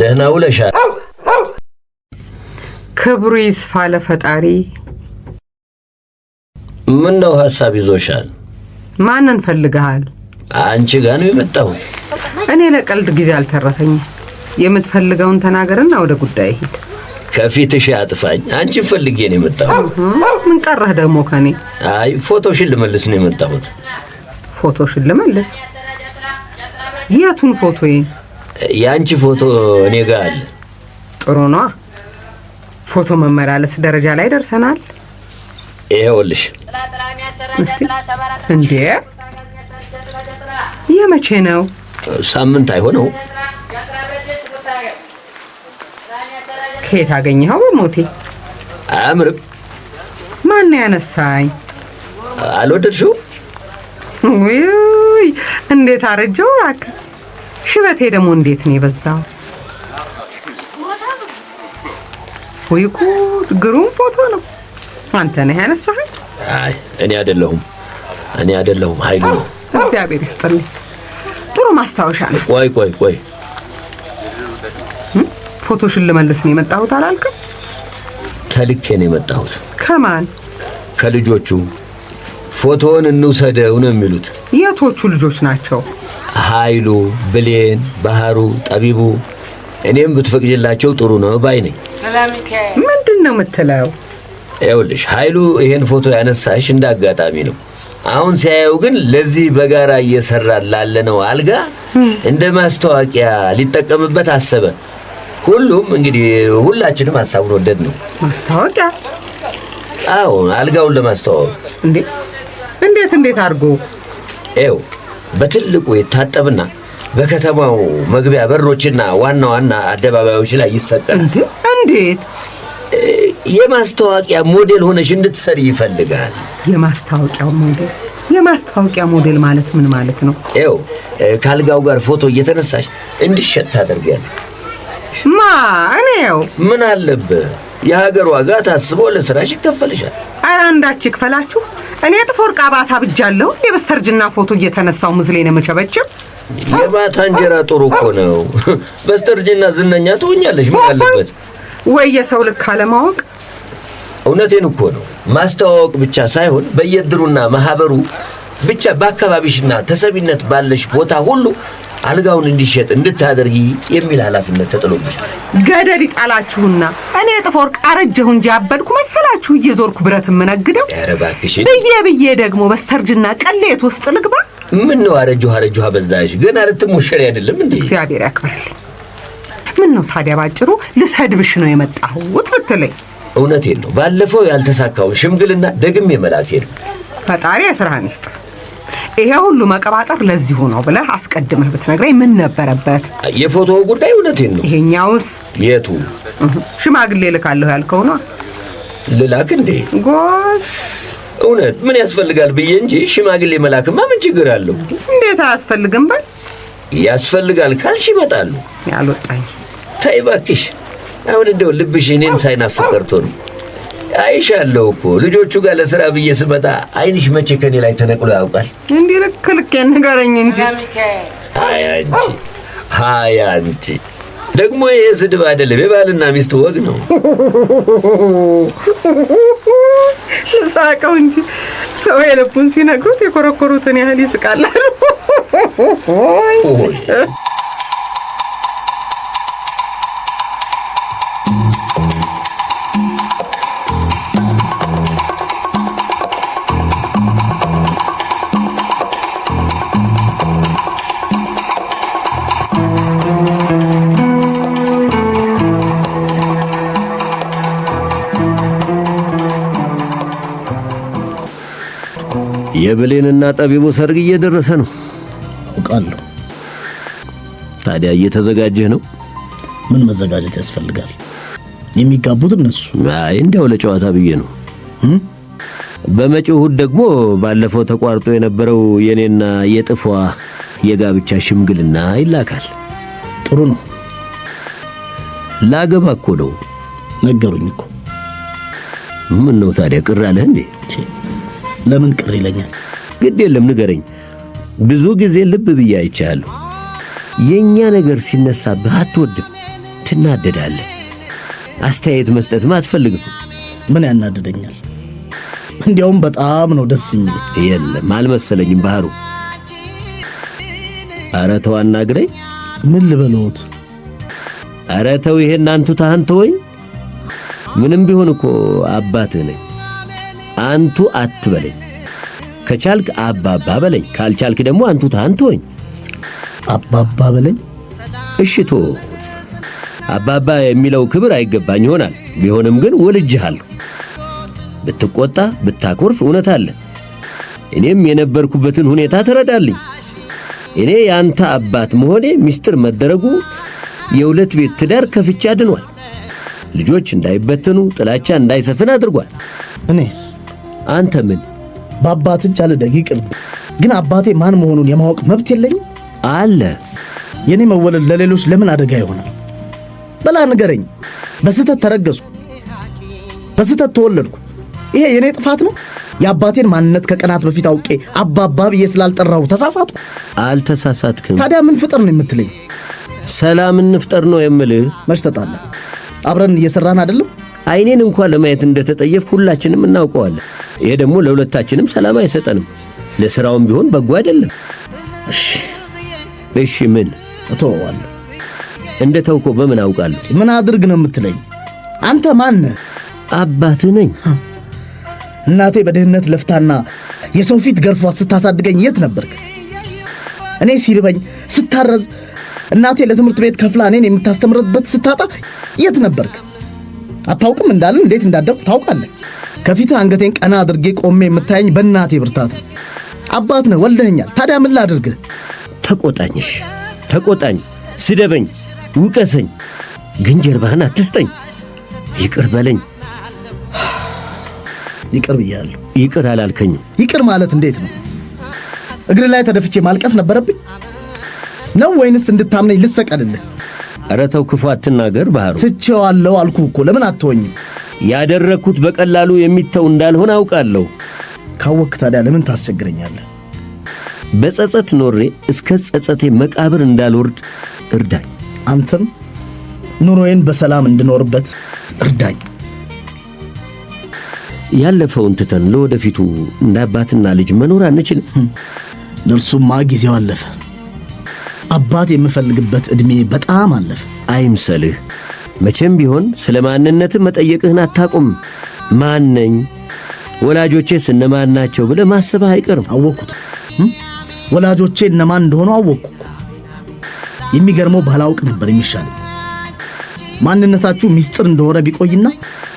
ደህና ውለሻል። ክብሩ ይስፋ ለፈጣሪ። ምን ነው ሀሳብ ይዞሻል? ማንን ፈልገሃል? አንቺ ጋር ነው የመጣሁት። እኔ ለቀልድ ጊዜ አልተረፈኝም። የምትፈልገውን ተናገርና ወደ ጉዳይ ሂድ። ከፊትሽ አጥፋኝ። አንቺን ፈልጌ ነው የመጣሁት። ምን ቀረህ ደግሞ ከኔ? አይ ፎቶሽን ልመልስ ነው የመጣሁት። ፎቶሽን ልመልስ? የቱን ፎቶዬን? የአንቺ ፎቶ እኔ ጋር አለ። ጥሩ ነው። ፎቶ መመላለስ ደረጃ ላይ ደርሰናል። ይኸውልሽ እስቲ። እንዴ የመቼ ነው? ሳምንት አይሆነው። ከየት አገኘኸው? በሞቴ አያምርም። ማን ያነሳኝ? አልወደድሽው? ውይ እንዴት አረጀው ሽበቴ ደግሞ እንዴት ነው የበዛው! ወይ ጉድ! ግሩም ፎቶ ነው። አንተ ነህ ያነሳኸኝ? አይ እኔ አይደለሁም፣ እኔ አይደለሁም፣ ኃይሉ ነው። እግዚአብሔር ይስጥልኝ። ጥሩ ማስታወሻ ነው። ቆይ ቆይ ቆይ፣ ፎቶሽን ልመልስ ነው የመጣሁት አላልክም? ተልኬ ነው የመጣሁት። ከማን? ከልጆቹ ፎቶውን እንውሰደው ነው የሚሉት። የቶቹ ልጆች ናቸው? ኃይሉ፣ ብሌን፣ ባህሩ፣ ጠቢቡ እኔም ብትፈቅጅላቸው ጥሩ ነው ባይ ነኝ። ምንድን ነው የምትለው? ይኸውልሽ ኃይሉ ይሄን ፎቶ ያነሳሽ እንደ አጋጣሚ ነው። አሁን ሲያየው ግን ለዚህ በጋራ እየሰራን ላለነው አልጋ እንደ ማስታወቂያ ሊጠቀምበት አሰበ። ሁሉም እንግዲህ ሁላችንም ሀሳቡን ወደድ ነው። ማስታወቂያ? አዎ አልጋውን ለማስተዋወቅ። እንዴት እንዴት አድርጎ ይኸው በትልቁ የታጠብና በከተማው መግቢያ በሮችና ዋና ዋና አደባባዮች ላይ ይሰቀላል። እንዴት? የማስታወቂያ ሞዴል ሆነሽ እንድትሰሪ ይፈልጋል። የማስታወቂያው ሞዴል የማስታወቂያ ሞዴል ማለት ምን ማለት ነው? ይኸው ከአልጋው ጋር ፎቶ እየተነሳሽ እንዲሸጥ ታደርጊያለሽ። ማ እኔው ምን አለብህ የሀገር ዋጋ ታስቦ ለስራሽ ይከፈልሻል። አረ አንዳች ይክፈላችሁ። እኔ ጥፎር ቃባት አብጃለሁ። የበስተርጅና ፎቶ እየተነሳው ምስሌን መቸበችም የማታ እንጀራ ጥሩ እኮ ነው። በስተርጅና ዝነኛ ትሆኛለሽ። ምን አለበት ወይ የሰው ልክ አለማወቅ። እውነቴን እኮ ነው። ማስተዋወቅ ብቻ ሳይሆን በየድሩና ማህበሩ ብቻ በአካባቢሽና ተሰቢነት ባለሽ ቦታ ሁሉ አልጋውን እንዲሸጥ እንድታደርጊ የሚል ኃላፊነት ተጥሎብሻል። ገደል ይጣላችሁና እኔ ጥፎ ወርቅ አረጀሁ እንጂ አበድኩ መሰላችሁ እየዞርኩ ብረት የምነግደው? ብዬ ብዬ ደግሞ በስተርጅና ቀሌት ውስጥ ልግባ። ምን ነው አረጀሁ አረጀሁ አበዛሽ። ገና ልትሞሸሪ አይደለም እንዴ? እግዚአብሔር ያክብርልኝ። ምን ነው ታዲያ ባጭሩ ልሰድብሽ ነው የመጣሁት ብትለኝ እውነቴን ነው። ባለፈው ያልተሳካውን ሽምግልና ደግሜ መላኬ ነው። ፈጣሪ የስራህን ይስጥ። ይሄ ሁሉ መቀባጠር ለዚሁ ነው ብለህ አስቀድመህ ብትነግረኝ ምን ነበረበት? የፎቶው ጉዳይ እውነቴን ነው። ይሄኛውስ የቱ? ሽማግሌ ልካለሁ ያልከው ነው። ልላክ እንዴ? ጎሽ እውነት ምን ያስፈልጋል ብዬ እንጂ ሽማግሌ መላክማ ምን ችግር አለው? እንዴት አያስፈልግም? በል ያስፈልጋል ካልሽ ይመጣሉ። ያልወጣኝ ተይ እባክሽ። አሁን እንደው ልብሽ እኔን ሳይናፍቅ ቀርቶ ነው። አይሻለሁ እኮ ልጆቹ ጋር ለስራ ብዬ ስመጣ አይንሽ መቼ ከኔ ላይ ተነቅሎ ያውቃል? እንዲህ ልክ ልክ ንገረኝ እንጂ። ሀያ አንቺ አንቺ ደግሞ ይሄ ስድብ አይደለም፣ የባልና ሚስት ወግ ነው። ልሳቀው እንጂ ሰው የልቡን ሲነግሩት የኮረኮሩትን ያህል ይስቃላል። የብሌንና ጠቢቡ ሰርግ እየደረሰ ነው። አውቃለሁ። ታዲያ እየተዘጋጀህ ነው? ምን መዘጋጀት ያስፈልጋል? የሚጋቡት እነሱ። አይ እንዲያው ለጨዋታ ብዬ ነው። በመጪው እሁድ ደግሞ ባለፈው ተቋርጦ የነበረው የእኔና የጥፏ የጋብቻ ሽምግልና ይላካል። ጥሩ ነው። ላገባ እኮ ነው ነገሩኝ እኮ። ምን ነው ታዲያ ቅር አለህ እንዴ? ለምን ቅር ይለኛል? ግድ የለም ንገረኝ። ብዙ ጊዜ ልብ ብዬ አይቻለሁ። የእኛ ነገር ሲነሳብህ አትወድም፣ ትናደዳለህ። አስተያየት መስጠትም አትፈልግም። ምን ያናደደኛል? እንዲያውም በጣም ነው ደስ የሚል። የለም አልመሰለኝም ባህሩ። ኧረ ተው አናግረኝ። ምን ልበለዎት? ኧረ ተው ይሄን ታህንተ ወይ ምንም ቢሆን እኮ አባትህ ነኝ። አንቱ አትበለኝ። ከቻልክ አባባ በለኝ፣ ካልቻልክ ደግሞ አንቱ ታንቶኝ አባባ በለኝ። እሽቶ አባባ የሚለው ክብር አይገባኝ ይሆናል። ቢሆንም ግን ወልጅሃለሁ። ብትቆጣ ብታኮርፍ እውነት አለ። እኔም የነበርኩበትን ሁኔታ ትረዳልኝ። እኔ የአንተ አባት መሆኔ ምስጢር መደረጉ የሁለት ቤት ትዳር ከፍቻ አድኗል። ልጆች እንዳይበተኑ፣ ጥላቻ እንዳይሰፍን አድርጓል። እኔስ አንተ ምን በአባት እጅ ደቂቅ ነው። ግን አባቴ ማን መሆኑን የማወቅ መብት የለኝም አለ። የኔ መወለድ ለሌሎች ለምን አደጋ ይሆናል? በላ ንገረኝ። በስህተት ተረገዝኩ፣ በስህተት ተወለድኩ። ይሄ የእኔ ጥፋት ነው? የአባቴን ማንነት ከቀናት በፊት አውቄ አባባ ብዬ ስላልጠራሁ ተሳሳትኩ? አልተሳሳትክም። ታዲያ ምን ፍጥር ነው የምትለኝ? ሰላም እንፍጠር ነው የምልህ። መች ተጣላ? አብረን እየሰራን አይደለም አይኔን እንኳን ለማየት እንደተጠየፍ ሁላችንም እናውቀዋለን። ይሄ ደግሞ ለሁለታችንም ሰላም አይሰጠንም፣ ለሥራውም ቢሆን በጎ አይደለም። እሺ እሺ፣ ምን እተወዋለሁ። እንደ ተውኮ በምን አውቃለሁ? ምን አድርግ ነው የምትለኝ? አንተ ማን ነህ? አባትህ ነኝ። እናቴ በድህነት ለፍታና የሰው ፊት ገርፏ ስታሳድገኝ የት ነበርክ? እኔ ሲርበኝ ስታረዝ እናቴ ለትምህርት ቤት ከፍላ እኔን የምታስተምርበት ስታጣ የት ነበርክ? አታውቅም እንዳልን እንዴት እንዳደግኩ ታውቃለህ። ከፊት አንገቴን ቀና አድርጌ ቆሜ የምታየኝ በእናቴ ብርታት ነው። አባት ነህ ወልደኸኛል። ታዲያ ምን ላድርግ? ተቆጣኝሽ፣ ተቆጣኝ፣ ስደበኝ፣ ውቀሰኝ፣ ግን ጀርባህን አትስጠኝ። ይቅር በለኝ። ይቅር ብያለሁ። ይቅር አላልከኝ። ይቅር ማለት እንዴት ነው? እግር ላይ ተደፍቼ ማልቀስ ነበረብኝ ነው ወይንስ እንድታምነኝ ልሰቀልልህ? ኧረ ተው ክፉ አትናገር ባህሩ። ትቼዋለሁ አልኩ እኮ ለምን አትወኝም? ያደረግኩት በቀላሉ የሚተው እንዳልሆነ አውቃለሁ። ካወክ ታዲያ ለምን ታስቸግረኛለህ? በጸጸት ኖሬ እስከ ጸጸቴ መቃብር እንዳልወርድ እርዳኝ። አንተም ኑሮዬን በሰላም እንድኖርበት እርዳኝ። ያለፈውን ትተን ለወደፊቱ እንደ አባትና ልጅ መኖር አንችልም። ለእርሱማ ጊዜው አለፈ። አባት የምፈልግበት ዕድሜ በጣም አለፈ። አይምሰልህ። መቼም ቢሆን ስለ ማንነትህ መጠየቅህን አታቁም። ማን ነኝ፣ ወላጆቼስ እነማን ናቸው ብለህ ማሰብህ አይቀርም። አወቅኩት። ወላጆቼ እነማን እንደሆኑ አወቅኩ። የሚገርመው ባላውቅ ነበር የሚሻል። ማንነታችሁ ሚስጥር እንደሆነ ቢቆይና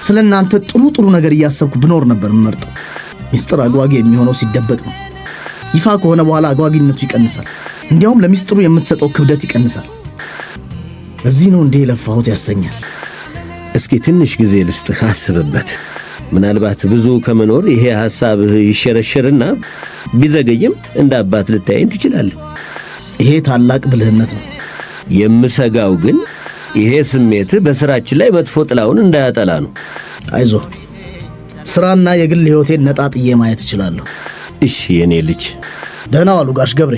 ስለ እናንተ ጥሩ ጥሩ ነገር እያሰብኩ ብኖር ነበር የምመርጠው። ሚስጥር አጓጊ የሚሆነው ሲደበቅ ነው። ይፋ ከሆነ በኋላ አጓጊነቱ ይቀንሳል። እንዲያውም ለሚስጥሩ የምትሰጠው ክብደት ይቀንሳል። እዚህ ነው እንዴ የለፋሁት ያሰኛል። እስኪ ትንሽ ጊዜ ልስጥህ፣ አስብበት። ምናልባት ብዙ ከመኖር ይሄ ሐሳብህ ይሸረሸርና ቢዘገይም እንደ አባት ልታየኝ ትችላለህ። ይሄ ታላቅ ብልህነት ነው። የምሰጋው ግን ይሄ ስሜትህ በሥራችን ላይ መጥፎ ጥላውን እንዳያጠላ ነው። አይዞ ሥራና የግል ሕይወቴን ነጣጥዬ ማየት እችላለሁ። እሺ የኔ ልጅ። ደህና ዋሉ ጋሽ ገብሬ።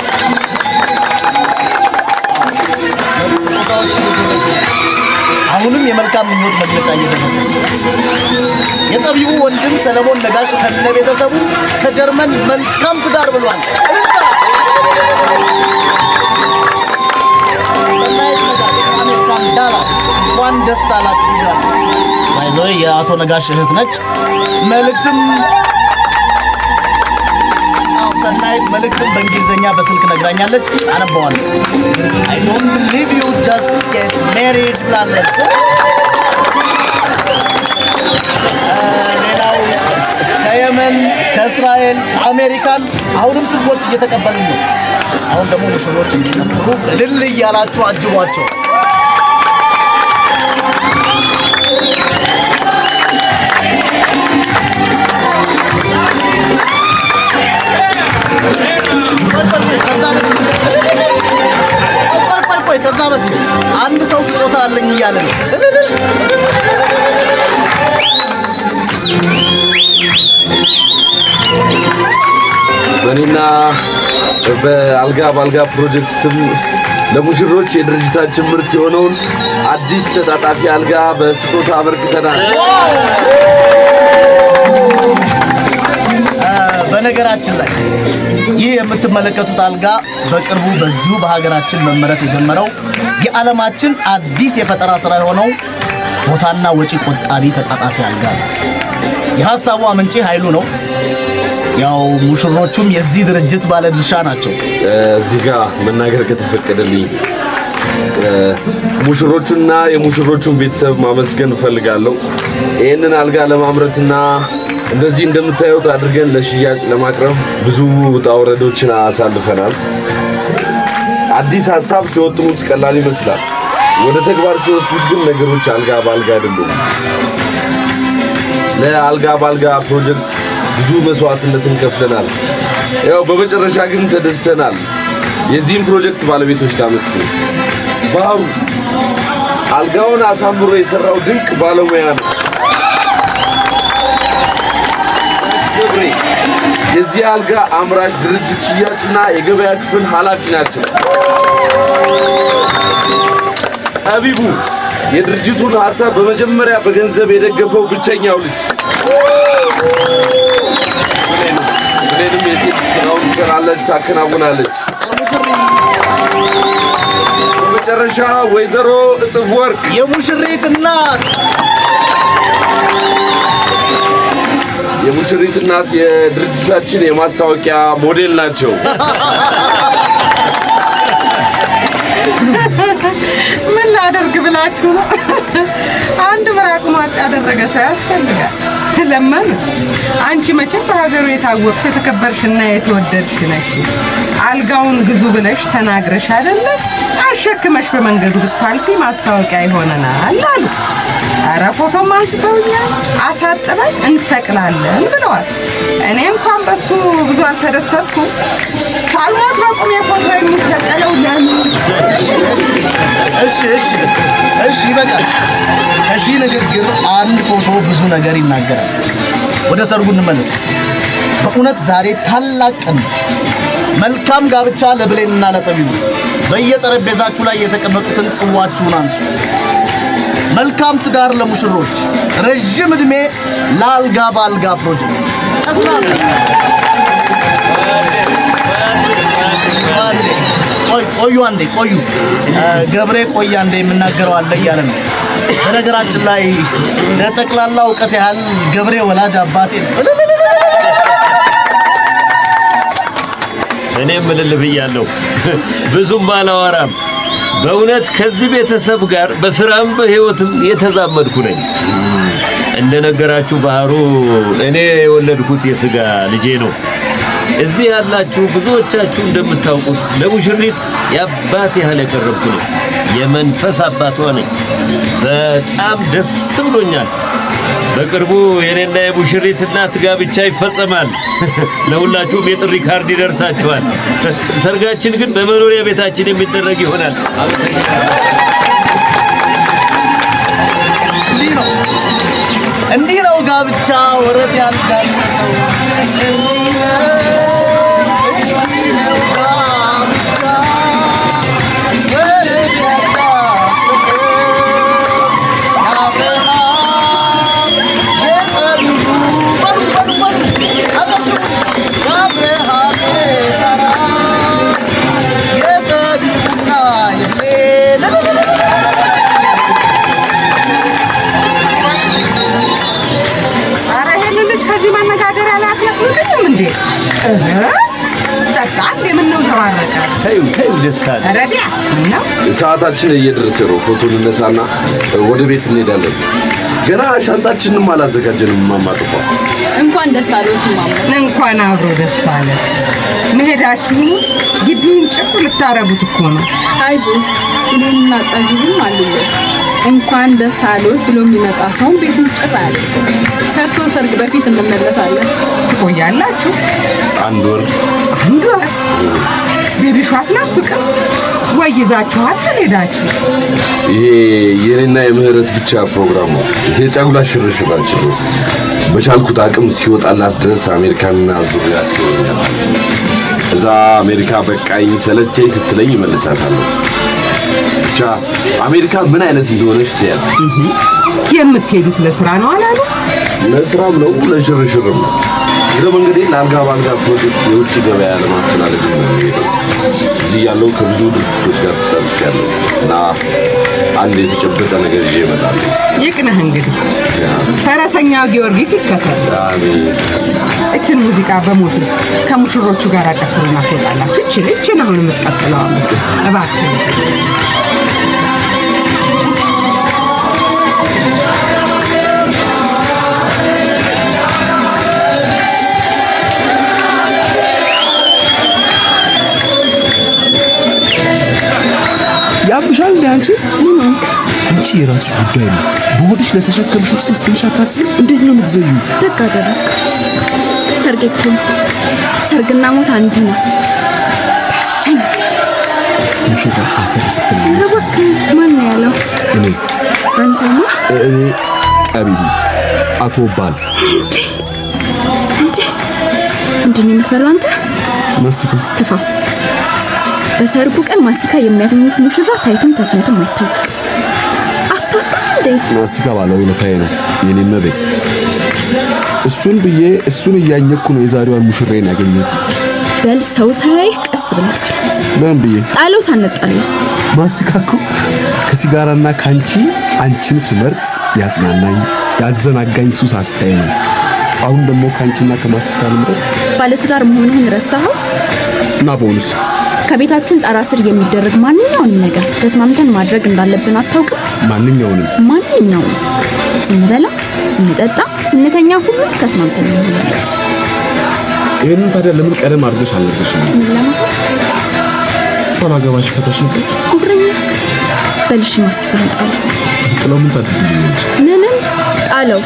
ስራዎች እየደረሱ አሁንም የመልካም ምኞት መግለጫ እየደረሰ የጠቢቡ ወንድም ሰለሞን ነጋሽ ከነ ቤተሰቡ ከጀርመን መልካም ትዳር ብሏል። ነጋሽ አሜሪካን እንኳን ደስ አላችሁ። ይዞ የአቶ ነጋሽ እህት ነች። መልእክትም ሰናይት መልእክትን በእንግሊዝኛ በስልክ ነግራኛለች። አነበዋል። አይ ዶንት ቢሊቭ ዩ ጀስት ጌት ሜሪድ ብላለች። ሌላው ከየመን፣ ከእስራኤል፣ ከአሜሪካን አሁንም ስልኮች እየተቀበልን ነው። አሁን ደግሞ ሙሽሮች እንዲጨፍሩ እልል እያላችሁ አጅቧቸው። ቆይ ቆይ ቆይ፣ ከዛ በፊት አንድ ሰው ስጦታ አለኝ እያለ ነው። በእኔና በአልጋ በአልጋ ፕሮጀክት ስም ለሙሽሮች የድርጅታችን ምርት የሆነውን አዲስ ተጣጣፊ አልጋ በስጦታ አበርክተናል። በነገራችን ላይ ይህ የምትመለከቱት አልጋ በቅርቡ በዚሁ በሀገራችን መመረት የጀመረው የዓለማችን አዲስ የፈጠራ ስራ የሆነው ቦታና ወጪ ቆጣቢ ተጣጣፊ አልጋ ነው። የሀሳቡ አመንጪ ኃይሉ ነው። ያው ሙሽሮቹም የዚህ ድርጅት ባለድርሻ ናቸው። እዚህ ጋር መናገር ከተፈቀደልኝ ሙሽሮቹና የሙሽሮቹን ቤተሰብ ማመስገን እፈልጋለሁ። ይህንን አልጋ ለማምረትና እንደዚህ እንደምታዩት አድርገን ለሽያጭ ለማቅረብ ብዙ ውጣ አሳልፈናል። አዲስ ሀሳብ ሲወጥኑት ቀላል ይመስላል። ወደ ተግባር ሲወስዱት ግን ነገሮች አልጋ ባልጋ አይደሉም። ለአልጋ ባልጋ ፕሮጀክት ብዙ መስዋዕትነትን ከፍለናል። ያው በመጨረሻ ግን ተደስተናል። የዚህም ፕሮጀክት ባለቤቶች ላመስግን። ባህሩ አልጋውን አሳምሮ የሰራው ድንቅ ባለሙያ ነው። የዚህ አልጋ አምራች ድርጅት ሽያጭና የገበያ ክፍል ኃላፊ ናቸው። ጠቢቡ የድርጅቱን ሀሳብ በመጀመሪያ በገንዘብ የደገፈው ብቸኛው ልጅ ምንም የሴት ስራውን ትሰራለች፣ ታከናውናለች። በመጨረሻ ወይዘሮ እጥፍ ወርቅ የሙሽሪት እናት የሙሽሪት እናት የድርጅታችን የማስታወቂያ ሞዴል ናቸው። ምን ላደርግ ብላችሁ ነው? አንድ ምራቅ ሟጥ ያደረገ ሰው ያስፈልጋል። ለመኑ አንቺ መቼም በሀገሩ የታወቅሽ የተከበርሽና የተወደድሽ ነሽ። አልጋውን ግዙ ብለሽ ተናግረሽ አይደለም አሸክመሽ በመንገዱ ብታልፊ ማስታወቂያ ይሆነናል አሉ። ኧረ ፎቶም አንስተውኛል፣ አሳጥበን እንሰቅላለን ብለዋል። እኔ እንኳን በሱ ብዙ አልተደሰትኩ። ሳልሞት በቁም ፎቶ የሚሰቀለው ለምን? እሺ እሺ ይበቃል። ንግግር አንድ ፎቶ ብዙ ነገር ይናገራል። ወደ ሰርጉ እንመለስ። በእውነት ዛሬ ታላቅ ቀን። መልካም ጋብቻ ለብሌንና ለጠቢቡ። በየጠረጴዛችሁ ላይ የተቀመጡትን ጽዋችሁን አንሱ። መልካም ትዳር ለሙሽሮች፣ ረዥም ዕድሜ ለአልጋ በአልጋ ፕሮጀክት ቆዩ አንዴ ቆዩ ገብሬ ቆይ አንዴ የምናገረው አለ እያለ ነው። በነገራችን ላይ ለጠቅላላ እውቀት ያህል ገብሬ ወላጅ አባቴ ነው። እኔም እልል ብያለሁ ብዙም አላወራም። በእውነት ከዚህ ቤተሰብ ጋር በስራም በህይወትም የተዛመድኩ ነኝ። እንደነገራችሁ ባህሩ እኔ የወለድኩት የስጋ ልጄ ነው። እዚህ ያላችሁ ብዙዎቻችሁ እንደምታውቁት ለሙሽሪት የአባት ያህል የቀረብኩ ነው። የመንፈስ አባት ሆነኝ። በጣም ደስ ብሎኛል። በቅርቡ የኔና የሙሽሪት እናት ጋብቻ ይፈጸማል። ለሁላችሁም የጥሪ ካርድ ይደርሳችኋል። ሰርጋችን ግን በመኖሪያ ቤታችን የሚደረግ ይሆናል። እንዲህ ነው ጋብቻ ወረት ያልዳሰሰው ደስታ ሰዓታችን እየደረሰ ነው። ፎቶ ልነሳና ወደ ቤት እንሄዳለን። ገና ሻንጣችንም አላዘጋጀንም። ማማጥፋ እንኳን ደስ አለዎት ማማ። እንኳን አብሮ ደስ አለ። መሄዳችሁ ግቢውን ጭፍ ልታረጉት እኮ ነው። አይዞ እኔና ጠቢብም አሉለት። እንኳን ደስ አለዎት ብሎ የሚመጣ ሰውን ቤቱን ጭር አለ። ከእርሶ ሰርግ በፊት እንመለሳለን። ትቆያላችሁ? አንድ ወር አንድ ወር የቢሾፍ ናፍቅም ወይ ይዛችኋት ሄዳችሁ። ይሄ የኔና የምህረት ብቻ ፕሮግራም ነው። ይሄ ጫጉላ ሽርሽር አልችልም። በቻልኩት አቅም እስኪወጣላት ድረስ አሜሪካንና ዙሪያ ያስገኛል። እዛ አሜሪካ በቃኝ ሰለቸኝ ስትለኝ ይመልሳታለሁ። ብቻ አሜሪካ ምን አይነት እንደሆነች ትያት። የምትሄዱት ለስራ ነው አላሉ? ለስራም ነው ለሽርሽርም ነው ይህም እንግዲህ ለአልጋ በአልጋ ፕሮጀክት የውጭ ገበያ ለማፈላለግ ነው እዚህ ያለው ከብዙ ድርጅቶች ጋር ተሳትፌያለሁ እና አንድ የተጨበጠ ነገር ይዤ እመጣለሁ። ይቅንህ እንግዲህ ፈረሰኛው ጊዮርጊስ ይከተል። እችን ሙዚቃ በሞቱ ከሙሽሮቹ ጋር አጨፍረና ትወጣላችሁ። እችን እችን አሁን የምትቀጥለው አመት እባክህ እንደ አንቺ ምን አንቺ የራስሽ ጉዳይ ነው። በሆድሽ ለተሸከምሽው ውስጥ ትንሽ አታስብም? እንዴት ነው የምትዘዩ? ደግ አደረግ። ሰርግ እኮ ሰርግና ሞት አንድ ነው። ሸኝ ሙሽራ አፈር ስትል እባክህ። ማን ነው ያለው? እኔ። አንተማ? እኔ ጠቢቡ አቶ ባል እንጂ ምንድን ነው የምትበላው አንተ? ማስቲካ ትፋ በሰርጉ ቀን ማስቲካ የሚያገኙት ሙሽራ ታይቶም ተሰምቶም አይታወቅም። አታፍርም እንዴ? ማስቲካ ባለው ውለታዬ ነው የኔ መቤት። እሱን ብዬ እሱን እያኘኩ ነው የዛሬዋን ሙሽራዬን ያገኘት። በል ሰው ሳያይህ ቀስ ብለህ ጣል። ለምን ብዬ ጣለው? ሳንጣለ ማስቲካ እኮ ከሲጋራና ከአንቺ አንቺን ስመርጥ ያጽናናኝ ያዘናጋኝ ሱስ አስተያየ ነው። አሁን ደግሞ ከአንቺና ከማስቲካ ልምረጥ። ባለትዳር መሆንህን ረሳኸው? እና በሆኑስ ከቤታችን ጣራ ስር የሚደረግ ማንኛውንም ነገር ተስማምተን ማድረግ እንዳለብን አታውቅም? ማንኛውንም ማንኛውንም ስንበላ፣ ስንጠጣ፣ ስንተኛ ሁሉ ተስማምተን መሆን ይህንን ታዲያ ለምን ቀደም አድርገሽ አለበሽ? ሳላገባሽ ፈታሽ ነበር። ጉብረኛ በልሽ ማስቲካን ጣለ ጥለው ምን ታድርግ? ምንም ጣለው።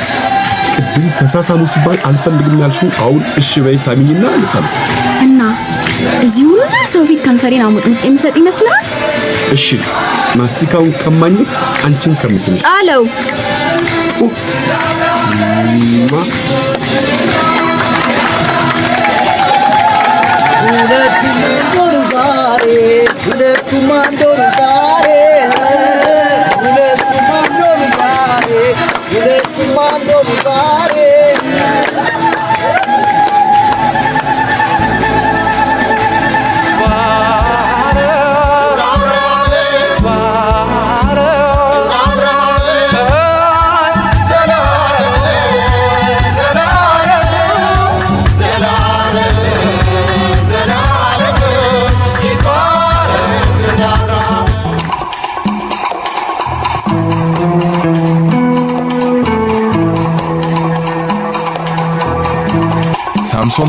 ቅድም ተሳሳሙ ሲባል አልፈልግም ያልሽው አሁን እሺ በይ ሳሚኝና ልታል እና እዚህ ሁሉ ሰው ፊት ከንፈሬን አሙጥምጭ የሚሰጥ ይመስላል። እሺ ማስቲካውን ከማኘክ አንቺን ከምስል ጣለው። ሁለቱም አንድ ሆኑ ዛሬ ሁለቱም አንድ ዛሬ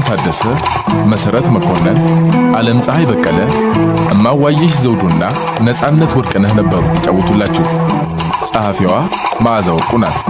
ታደሰ፣ መሰረት መኮንን፣ ዓለም ፀሐይ በቀለ፣ እማዋየሽ ዘውዱና ነፃነት ወርቅነህ ነበሩ ይጫወቱላችሁ። ጸሐፊዋ መዓዛ ወርቁ ናት።